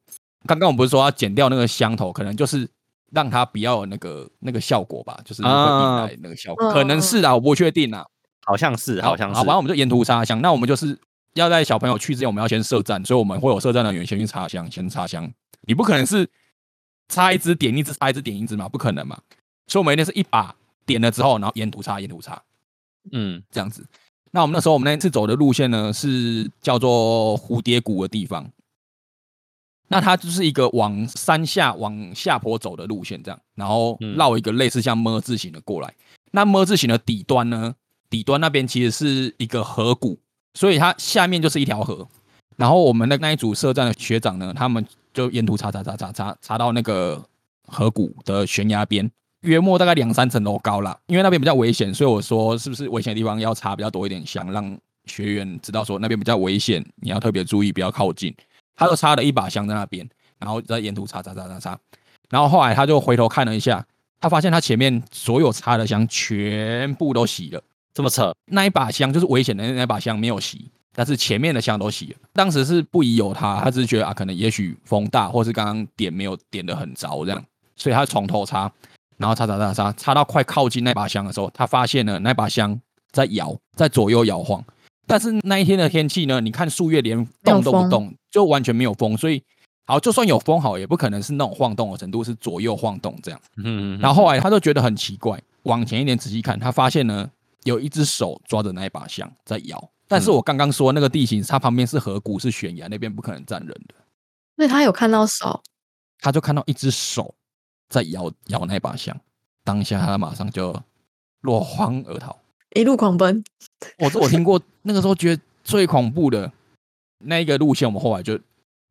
剛剛我們不是說要剪掉那個香頭，可能就是。讓它比較有那個那個效果吧，就是那個帶來那個效果，uh, uh, 可能是啊，我不確定啊，好像是，好像是。好，反正我們就沿途插香。那我們就是要在小朋友去之前，我們要先設站，所以我們會有設站的人員先去插香，先插香。你不可能是插一支點一支，插一支點一支嘛，不可能嘛。所以我們一定是一把點了之後，然後沿途插，沿途插。嗯，這樣子、嗯。那我們那時候我們那一次走的路線呢，是叫做蝴蝶谷的地方。那它就是一個往山下往下坡走的路線，這樣，然後繞一個類似像 ㄇ 字形的過來。那 ㄇ 字形的底端呢，底端那邊其實是一個河谷，所以它下面就是一條河。然後我們的那一組設站的學長呢，他們就沿途查查查查查查到那個河谷的懸崖邊，約莫大概兩三層樓高啦，因為那邊比較危險，所以我說是不是危險的地方要查比較多一點，想讓學員知道說那邊比較危險，你要特別注意，不要靠近。他就插了一把香在那邊，然後在沿途插插插插插。然後後來他就回頭看了一下，他發現他前面所有插的香全部都熄了，這麼扯，那一把香就是危險的那把香沒有熄，但是前面的香都熄了。當時是不疑有他，他只是覺得啊，可能也許風大，或是剛剛點沒有點得很着這樣，所以他從頭插，然後插插插插，插到快靠近那把香的時候，他發現了那把香在搖，在左右搖晃。但是那一天的天氣呢？你看樹葉連動都不動，就完全沒有風。所以，好，就算有風，好也不可能是那種晃動的程度，是左右晃動這樣。嗯，然後後來他就覺得很奇怪，往前一點仔細看，他發現呢，有一隻手抓着那一把香在搖。但是我剛剛說那個地形，它旁邊是河谷，是懸崖，那邊不可能站人的。那他有看到手？他就看到一隻手在搖搖那把香。當下他馬上就落荒而逃。一路狂奔、 哦，我是我聽過那個時候覺得最恐怖的那一個路線。我們後來就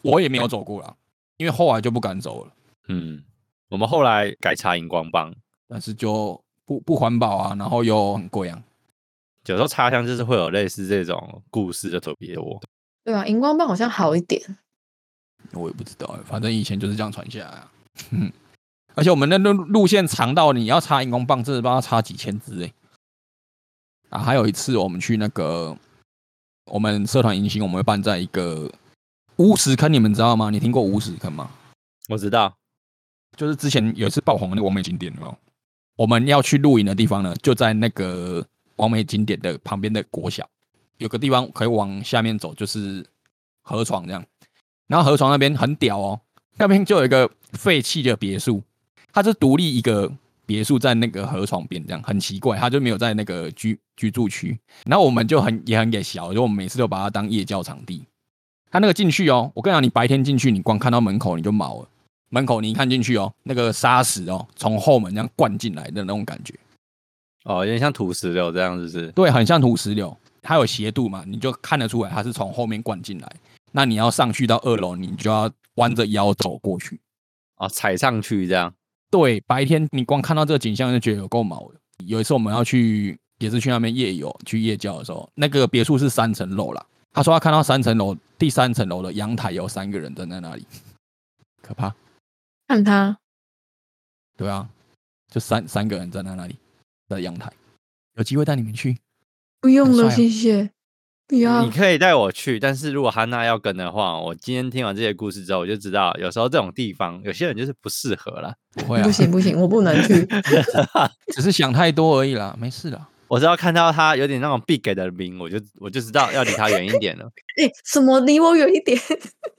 我也，我也沒有走過了，因為後來就不敢走了。嗯，我們後來改插熒光棒，但是就不不環保啊，然後又很貴啊。有時候插香就是會有類似這種故事就特別多。對啊，熒光棒好像好一點。我也不知道、欸，反正以前就是這樣傳下來啊。呵呵，而且我們的路路線長到你要插熒光棒，真的幫他插幾千支哎、欸。啊，還有一次我們去那個，我們社團迎新，我們會辦在一個烏石坑，你們知道嗎？你聽過烏石坑嗎？我知道，就是之前有一次爆紅的那個網美景點哦。我們要去露營的地方呢，就在那個網美景點的旁邊的國小，有個地方可以往下面走，就是河床這樣。然後河床那邊很屌哦，那邊就有一個廢棄的別墅，它是獨立一個。別墅在那個河床邊，這樣很奇怪，他就沒有在那個居居住區。那我們就很也很給小，就我們每次都把它當夜教場地。他那個進去哦，我跟你講，你白天進去，你光看到門口你就毛了。門口你一看進去哦，那個沙石哦，從後門這樣灌進來的那種感覺，哦，有點像土石流這樣，子，是不是？對，很像土石流，它有斜度嘛，你就看得出來它是從後面灌進來。那你要上去到二樓，你就要彎着腰走過去啊、哦，踩上去這樣。對，白天你光看到這個景象就覺得有夠毛的。有一次我們要去，也是去那邊夜遊、去夜釣的時候，那個別墅是三層樓啦。他說他看到三層樓第三層樓的陽台有三個人站在那裡，可怕。看他，對啊，就三三個人站在那裡，在陽台。有機會帶你們去，不用了，啊、謝謝。你可以帶我去，但是如果憨娜要跟的話，我今天聽完這些故事之後，我就知道有時候這種地方，有些人就是不適合了。不會啊、不行不行，我不能去 ， 只是想太多而已啦，沒事的。我只要看到他有點那種 big 的名，我就我就知道要離他遠一點了。 欸，什麼離我遠一點？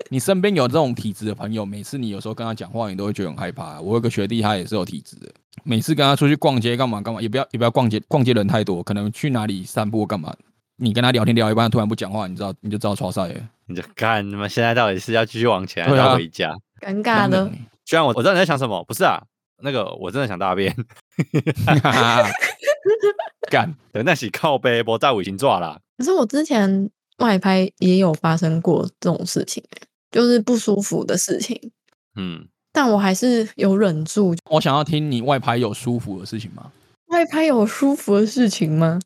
你身邊有這種體質的朋友，每次你有時候跟他講話，你都會覺得很害怕、啊。我有個學弟，他也是有體質的，每次跟他出去逛街幹嘛幹嘛，也不要也不要逛街，逛街人太多，可能去哪裡散步幹嘛。你跟他聊天聊一半，突然不講話，你知道你就知道吵啥耶？你就看你們現在到底是要繼續往前，啊、還是要回家？尷尬的。居然我我知道你在想什麼，不是啊？那個我真的想大便。幹， 等那起靠背，不在我已經做了。可是我之前外拍也有發生過這種事情，就是不舒服的事情。嗯，但我還是有忍住。我想要聽你外拍有舒服的事情嗎？外拍有舒服的事情嗎？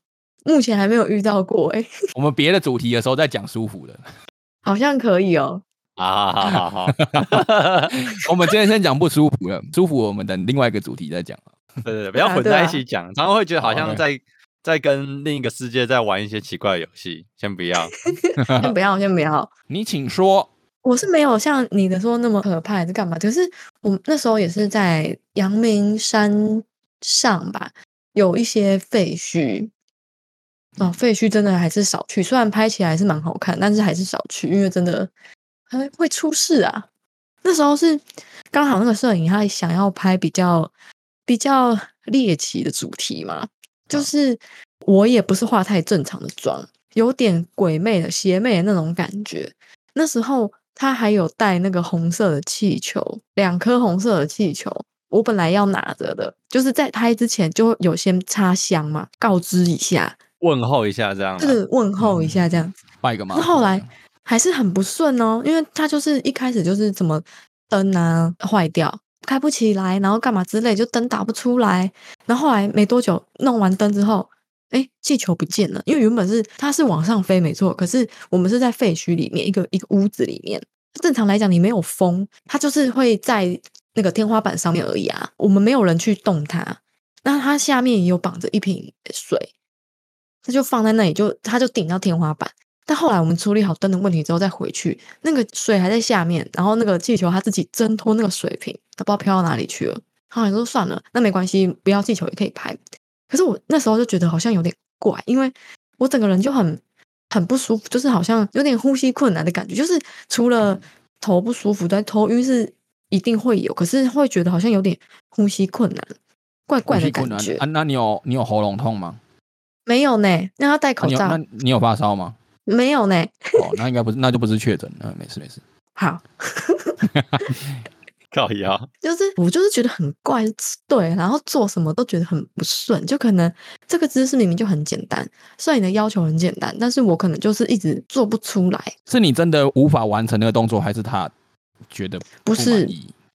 目前還沒有遇到過哎、欸。我們別的主題的時候再講舒服的 好像可以哦。啊，好好好，我們今天先講不舒服的，舒服我們等另外一個主題再講 對對，對，不要混在一起講，常常會覺得好像在在跟另一個世界在玩一些奇怪的遊戲。先不要， 先不要，先不要。 你請說。我是沒有像你的說那麼可怕，還是幹嘛？可是我們那時候也是在陽明山上吧，有一些廢墟。啊、哦，廢墟真的還是少去。雖然拍起來還是蠻好看，但是還是少去，因為真的還、欸、會出事啊。那時候是剛好那個攝影他想要拍比較比較獵奇的主題嘛、嗯，就是我也不是化太正常的妝，有點鬼魅的、邪魅的那種感覺。那時候他還有帶那個紅色的氣球，兩顆紅色的氣球，我本來要拿着的，就是在拍之前就有先插香嘛，告知一下。問候一下，這樣，就是問候一下，這樣拜個嘛。嗯、後來還是很不順哦，因為他就是一開始就是怎麼燈啊壞掉，開不起來，然後幹嘛之類，就燈打不出來。然後後來沒多久弄完燈之後，哎，欸，氣球不見了，因為原本，是它是往上飛，沒錯。可是我們是在廢墟裡面一個一個屋子裡面，正常來講你沒有風，它就是會在那個天花板上面而已啊。我們沒有人去動它，那它下面也有綁着一瓶水。他就放在那裡就，就他就頂到天花板。但後來我們處理好燈的問題之後，再回去，那個水還在下面，然後那個氣球他自己掙脫那個水瓶，他不知道飄到哪裡去了。後來說算了，那沒關係，不要氣球也可以拍。可是我那時候就覺得好像有點怪，因為我整個人就很很不舒服，就是好像有點呼吸困難的感覺，就是除了頭不舒服，在頭暈是一定會有，可是會覺得好像有點呼吸困難，怪怪的感覺。啊，那你有你有喉嚨痛嗎？沒有呢，那要戴口罩、啊。那你有發燒嗎？沒有呢。哦，那應該不是，那就不是確診。那、嗯、沒事沒事。好，高 血 就是我就是覺得很怪，對，然後做什麼都覺得很不順，就可能這個姿勢明明就很簡單，雖然你的要求很簡單，但是我可能就是一直做不出來。是你真的無法完成那個動作，還是他覺得不，不是？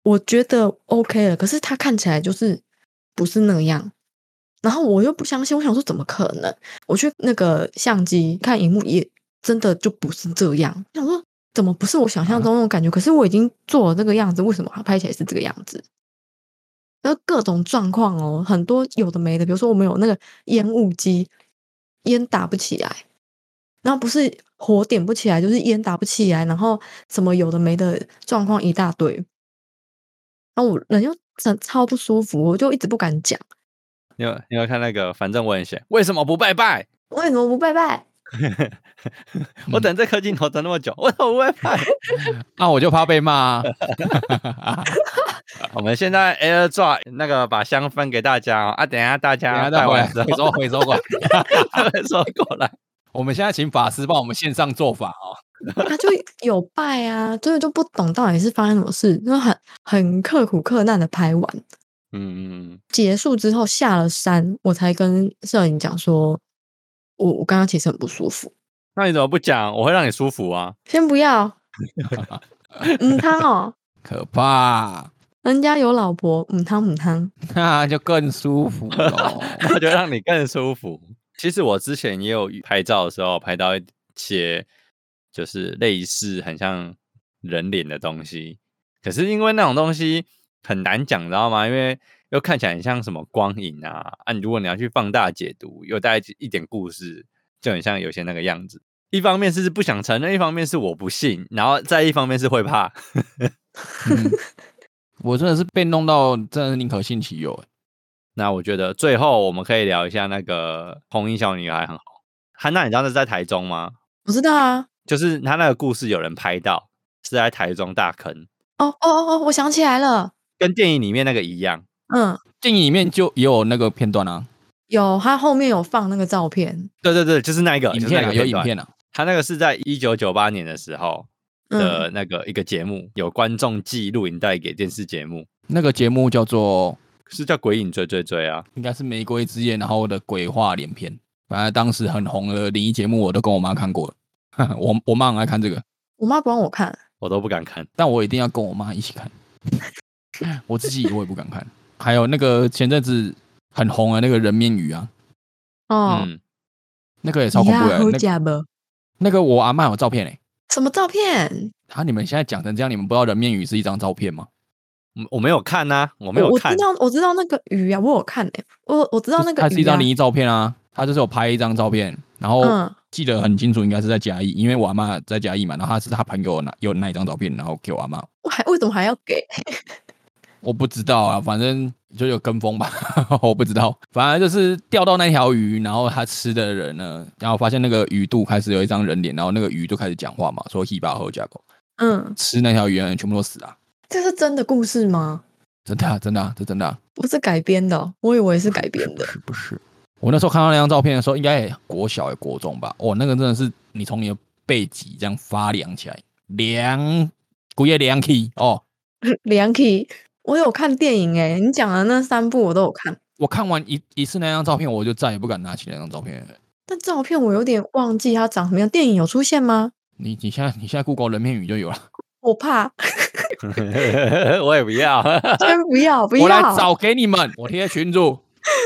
我覺得 OK 了，可是他看起來就是不是那樣。然後我又不相信，我想說怎麼可能？我去那個相機看熒幕也真的就不是這樣。我想說怎麼不是我想象中那種感覺？可是我已經做了這個樣子，為什麼它拍起來是這個樣子？然後各種狀況哦，很多有的沒的，比如說我們有那個煙霧機，煙打不起來，然後不是火點不起來，就是煙打不起來，然後什麼有的沒的狀況一大堆。然後我人又真超不舒服，我就一直不敢講。你有你有看那個？反正我很閒，為什麼不拜拜？為什麼不拜拜？ 我等這顆鏡頭等那麼久，為什麼不拜拜？ 那我就怕被罵，啊。 我們現在 Airdrop 那個把香分給大家，哦、啊等大家！等一下，大家再回來，回收回收過來。 回收過來 我們現在請法師幫我們線上做法哦。他就有拜啊，所以就不懂到底是發生什麼事，因為很很刻苦克難的拍完。嗯，嗯，嗯，結束之後下了山，我才跟攝影講說，我我剛剛其實很不舒服。那你怎麼不講？我會讓你舒服啊！先不要 母湯哦，可怕！人家有老婆母湯母湯， 那就更舒服， 那就讓你更舒服。 其實我之前也有拍照的時候，拍到一些就是類似很像人臉的東西，可是因為那種東西。很難講，你知道嗎？因為又看起來很像什麼光影啊啊！如果你要去放大解讀，又帶一點故事，就很像有些那個樣子。一方面是不想承認，一方面是我不信，然後再一方面是會怕。 嗯、我真的是被弄到，真的是寧可信其有。那我覺得最後我們可以聊一下那個紅衣小女孩，很好。憨娜，你知道是在台中嗎？我知道啊，就是他那個故事有人拍到是在台中大坑。哦哦哦哦，我想起來了。跟電影裡面那個一樣，嗯，電影裡面就也有那個片段啊，有，他後面有放那個照片，對對對，就是那一個，有有影片啊，他那個是在一九九八年的時候的那個一個節目、嗯，有觀眾寄錄影帶給電視節目，那個節目叫做是叫《鬼影追追追》啊，應該是《玫瑰之夜》，然後的鬼片《鬼話連篇》，反正當時很紅的靈異節目，我都跟我媽看過了，我我媽很愛看這個，我媽不讓我看，我都不敢看，但我一定要跟我媽一起看。 我自己以我也不敢看， 還有那個前陣子很紅啊，那個人面魚啊，哦、oh. 嗯，那個也超恐怖的。Yeah, 那個、 那個我阿媽有照片哎、欸，什麼照片？他、啊、你們現在講成這樣，你們不知道人面魚是一張照片嗎？我沒有看吶、啊，我沒有看我。我知道，我知道那個魚啊，我有看哎、欸，我我知道那個、啊。就是、它是一張靈異照片啊，他就是有拍一張照片，然後記得很清楚，應該是在嘉義，嗯、因為我阿媽在嘉義嘛，然後他是他朋友拿有那一張照片，然後給我阿媽。我還為什麼還要給？ 我不知道啊，反正就有跟風吧，呵呵，我不知道。反正就是釣到那條魚，然後他吃的人呢，然後發現那個魚肚開始有一張人臉，然後那個魚就開始講話嘛，說“嘿巴喝加狗”。嗯，吃那條魚的人全部都死啊！這是真的故事嗎？真的啊，真的啊，是真的啊！不是改編的哦，我以為是改編的， 不是，不是。我那時候看到那張照片的時候，應該也國小也國中吧？哦，那個真的是你從你的背脊這樣發涼起來，涼，故意涼氣哦，涼氣。我有看電影哎、欸，你講的那三部我都有看。我看完一一次那張照片，我就再也不敢拿起那張照片。但照片我有點忘記它長什麼樣，電影有出現嗎？你你現在你現在谷歌人面魚就有了。我怕。 我也不要。真 不要，不要。我來找給你們，我貼群組。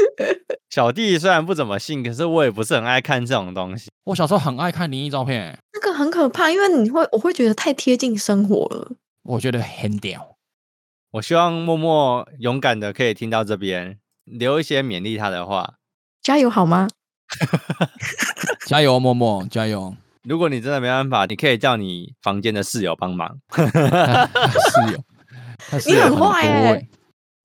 小弟雖然不怎麼信，可是我也不是很愛看這種東西。我小時候很愛看靈異照片，那個很可怕，因為你會我會覺得太貼近生活了。我覺得很屌。我希望默默勇敢的可以聽到這邊，留一些勉勵他的話。加油好嗎？ 加油默默，加油。如果你真的沒辦法，你可以叫你房間的室友幫忙。 室友，室友很多欸、你很壞耶、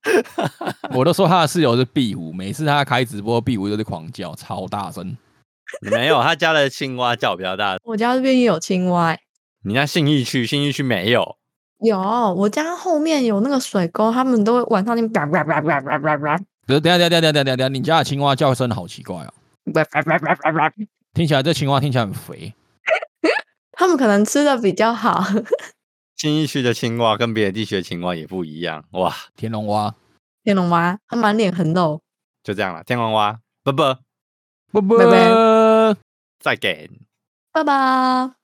欸！我都說他的室友是壁虎，每次他開直播，壁虎都是狂叫，超大聲。 沒有，他家的青蛙叫我比較大。我家這邊也有青蛙、欸。你家信義區，信義區沒有。有，我家後面有那個水溝，他們都會晚上那邊呱呱呱呱呱呱呱。等下，等下，等下，等下，等下，等下，你家的青蛙叫聲好奇怪哦！呱 聽起來這青蛙聽起來很肥， 他們可能吃的比較好。 新一區的青蛙跟別的地區的青蛙也不一樣哇！天龍蛙，天龍蛙，它滿臉橫肉，就這樣了。天龍蛙，拜拜！拜拜！Bye -bye. 再給，拜拜！